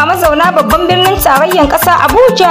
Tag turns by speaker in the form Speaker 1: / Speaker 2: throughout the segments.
Speaker 1: A mazauna babban birnin tarayyar ƙasa Abuja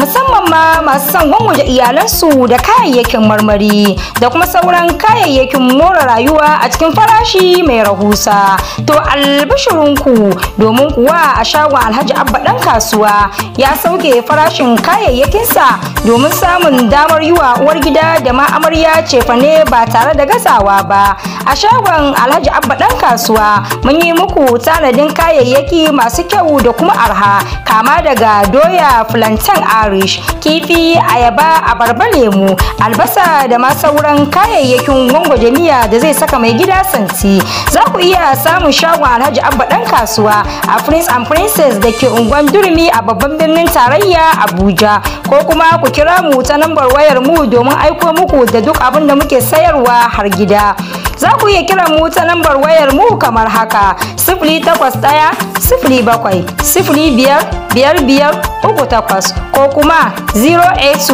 Speaker 1: musamman ma masu son da iyalansu da kayayyakin marmari da kuma sauran kayayyakin more rayuwa a cikin farashi mai rahusa. To albishirinku domin kuwa a shagon Alhaji Abba ɗan kasuwa ya sauke farashin kayayyakinsa domin samun damar yiwa uwar gida da ma amarya cefane ba tare da gazawa ba. A shagon Alhaji Abba ɗan kasuwa mun yi muku tanadin kayayyaki masu kyau da da kuma arha kama daga doya plantain irish kifi ayaba abarba lemu albasa da ma sauran kayayyakin gwangwaje miya da zai saka mai gida santi za ku iya samun shagon alhaji abba dan kasuwa a prince and princess da ke unguwan durumi a babban birnin tarayya abuja ko kuma ku kira mu ta lambar wayar mu domin aiko muku da duk abin da muke sayarwa har gida za ku iya kiran mu ta lambar wayar mu kamar haka sifili takwas ɗaya sifili bakwai sifili biyar biyar biyar uku takwas ko kuma 081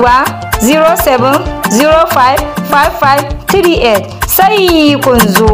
Speaker 1: 07 sai kun zo.